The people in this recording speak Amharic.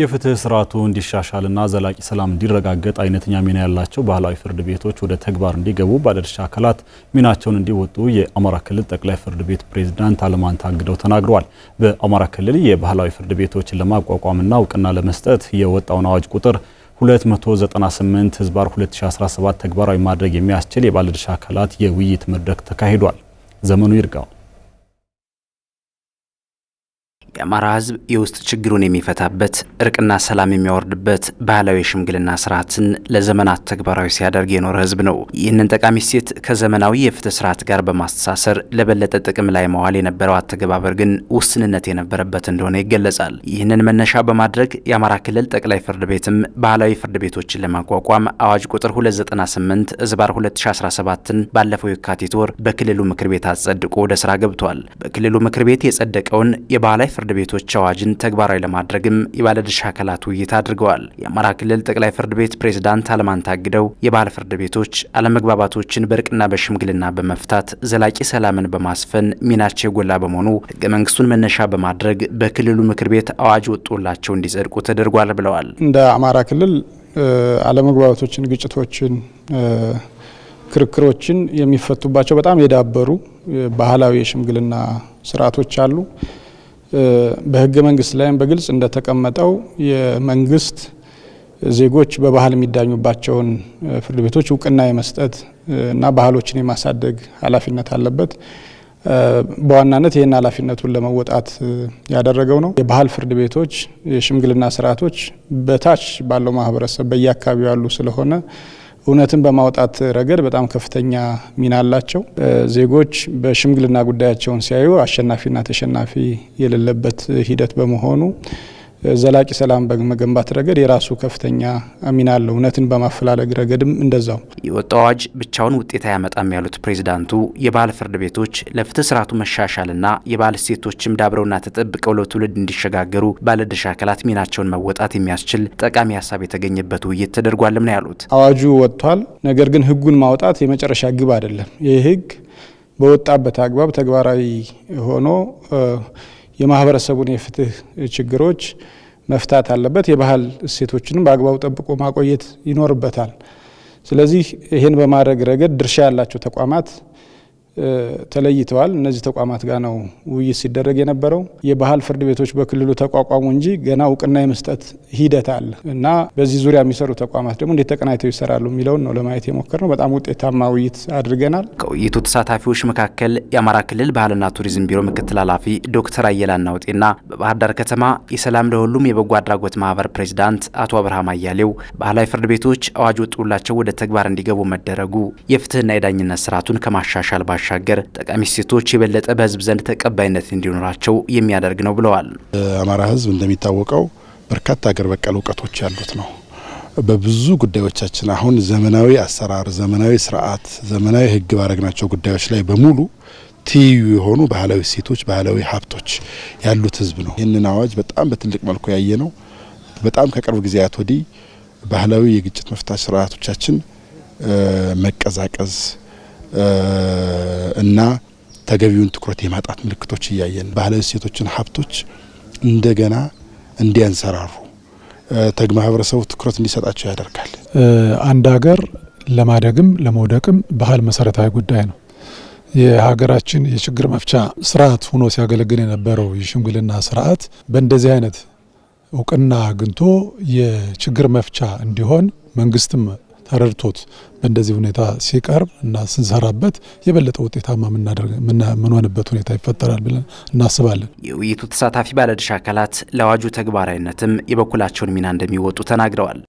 የፍትህ ስርዓቱ እንዲሻሻልና ዘላቂ ሰላም እንዲረጋገጥ አይነተኛ ሚና ያላቸው ባህላዊ ፍርድ ቤቶች ወደ ተግባር እንዲገቡ ባለድርሻ አካላት ሚናቸውን እንዲወጡ የአማራ ክልል ጠቅላይ ፍርድ ቤት ፕሬዝዳንት አለማንታ አግደው ተናግረዋል። በአማራ ክልል የባህላዊ ፍርድ ቤቶችን ለማቋቋምና እውቅና ለመስጠት የወጣውን አዋጅ ቁጥር 298 ህዝባር 2017 ተግባራዊ ማድረግ የሚያስችል የባለድርሻ አካላት የውይይት መድረክ ተካሂዷል። ዘመኑ ይርጋው የአማራ ህዝብ የውስጥ ችግሩን የሚፈታበት እርቅና ሰላም የሚያወርድበት ባህላዊ የሽምግልና ስርዓትን ለዘመናት ተግባራዊ ሲያደርግ የኖረ ህዝብ ነው። ይህንን ጠቃሚ እሴት ከዘመናዊ የፍትህ ስርዓት ጋር በማስተሳሰር ለበለጠ ጥቅም ላይ መዋል የነበረው አተገባበር ግን ውስንነት የነበረበት እንደሆነ ይገለጻል። ይህንን መነሻ በማድረግ የአማራ ክልል ጠቅላይ ፍርድ ቤትም ባህላዊ ፍርድ ቤቶችን ለማቋቋም አዋጅ ቁጥር 298 እዝባር 2017ን ባለፈው የካቲት ወር በክልሉ ምክር ቤት አጸድቆ ወደ ስራ ገብቷል። በክልሉ ምክር ቤት የጸደቀውን የባህላዊ ፍርድ ፍርድ ቤቶች አዋጅን ተግባራዊ ለማድረግም የባለድርሻ አካላት ውይይት አድርገዋል። የአማራ ክልል ጠቅላይ ፍርድ ቤት ፕሬዝዳንት አለማን ታግደው የባህል ፍርድ ቤቶች አለመግባባቶችን በእርቅና በሽምግልና በመፍታት ዘላቂ ሰላምን በማስፈን ሚናቸው የጎላ በመሆኑ ህገ መንግስቱን መነሻ በማድረግ በክልሉ ምክር ቤት አዋጅ ወጥቶላቸው እንዲጸድቁ ተደርጓል ብለዋል። እንደ አማራ ክልል አለመግባባቶችን፣ ግጭቶችን፣ ክርክሮችን የሚፈቱባቸው በጣም የዳበሩ ባህላዊ የሽምግልና ስርዓቶች አሉ። በህገ መንግስት ላይም በግልጽ እንደተቀመጠው የመንግስት ዜጎች በባህል የሚዳኙባቸውን ፍርድ ቤቶች እውቅና የመስጠት እና ባህሎችን የማሳደግ ኃላፊነት አለበት። በዋናነት ይህን ኃላፊነቱን ለመወጣት ያደረገው ነው። የባህል ፍርድ ቤቶች፣ የሽምግልና ስርዓቶች በታች ባለው ማህበረሰብ በየአካባቢው ያሉ ስለሆነ እውነትን በማውጣት ረገድ በጣም ከፍተኛ ሚና አላቸው። ዜጎች በሽምግልና ጉዳያቸውን ሲያዩ አሸናፊና ተሸናፊ የሌለበት ሂደት በመሆኑ ዘላቂ ሰላም በመገንባት ረገድ የራሱ ከፍተኛ ሚና አለው። እውነትን በማፈላለግ ረገድም እንደዛው። የወጣው አዋጅ ብቻውን ውጤት አያመጣም ያሉት ፕሬዚዳንቱ የባህል ፍርድ ቤቶች ለፍትህ ስርዓቱ መሻሻልና የባህል እሴቶችም ዳብረውና ተጠብቀው ለትውልድ እንዲሸጋገሩ ባለድርሻ አካላት ሚናቸውን መወጣት የሚያስችል ጠቃሚ ሀሳብ የተገኘበት ውይይት ተደርጓልም ነው ያሉት። አዋጁ ወጥቷል፣ ነገር ግን ህጉን ማውጣት የመጨረሻ ግብ አይደለም። ይህ ህግ በወጣበት አግባብ ተግባራዊ ሆኖ የማህበረሰቡን የፍትህ ችግሮች መፍታት አለበት። የባህል እሴቶችንም በአግባቡ ጠብቆ ማቆየት ይኖርበታል። ስለዚህ ይህን በማድረግ ረገድ ድርሻ ያላቸው ተቋማት ተለይተዋል። እነዚህ ተቋማት ጋር ነው ውይይት ሲደረግ የነበረው። የባህል ፍርድ ቤቶች በክልሉ ተቋቋሙ እንጂ ገና እውቅና የመስጠት ሂደት አለ እና በዚህ ዙሪያ የሚሰሩ ተቋማት ደግሞ እንዴት ተቀናይተው ይሰራሉ የሚለውን ነው ለማየት የሞከር ነው። በጣም ውጤታማ ውይይት አድርገናል። ከውይይቱ ተሳታፊዎች መካከል የአማራ ክልል ባህልና ቱሪዝም ቢሮ ምክትል ኃላፊ ዶክተር አየላ ናውጤና በባህር ዳር ከተማ የሰላም ለሁሉም የበጎ አድራጎት ማህበር ፕሬዚዳንት አቶ አብርሃም አያሌው ባህላዊ ፍርድ ቤቶች አዋጅ ወጥቶላቸው ወደ ተግባር እንዲገቡ መደረጉ የፍትህና የዳኝነት ስርዓቱን ከማሻሻል ባሻ ባሻገር ጠቃሚ እሴቶች የበለጠ በህዝብ ዘንድ ተቀባይነት እንዲኖራቸው የሚያደርግ ነው ብለዋል። አማራ ህዝብ እንደሚታወቀው በርካታ ሀገር በቀል እውቀቶች ያሉት ነው። በብዙ ጉዳዮቻችን አሁን ዘመናዊ አሰራር፣ ዘመናዊ ስርዓት፣ ዘመናዊ ህግ ባረግናቸው ጉዳዮች ላይ በሙሉ ትይዩ የሆኑ ባህላዊ እሴቶች፣ ባህላዊ ሀብቶች ያሉት ህዝብ ነው። ይህንን አዋጅ በጣም በትልቅ መልኩ ያየ ነው። በጣም ከቅርብ ጊዜያት ወዲህ ባህላዊ የግጭት መፍታት ስርዓቶቻችን መቀዛቀዝ እና ተገቢውን ትኩረት የማጣት ምልክቶች እያየን ባህላዊ እሴቶችን ሀብቶች እንደገና እንዲያንሰራሩ ማህበረሰቡ ትኩረት እንዲሰጣቸው ያደርጋል። አንድ ሀገር ለማደግም ለመውደቅም ባህል መሰረታዊ ጉዳይ ነው። የሀገራችን የችግር መፍቻ ስርዓት ሆኖ ሲያገለግል የነበረው የሽምግልና ስርዓት በእንደዚህ አይነት እውቅና አግኝቶ የችግር መፍቻ እንዲሆን መንግስትም ተረድቶት በእንደዚህ ሁኔታ ሲቀርብ እና ስንሰራበት የበለጠ ውጤታማ ምንሆንበት ሁኔታ ይፈጠራል ብለን እናስባለን። የውይይቱ ተሳታፊ ባለድርሻ አካላት ለአዋጁ ተግባራዊነትም የበኩላቸውን ሚና እንደሚወጡ ተናግረዋል።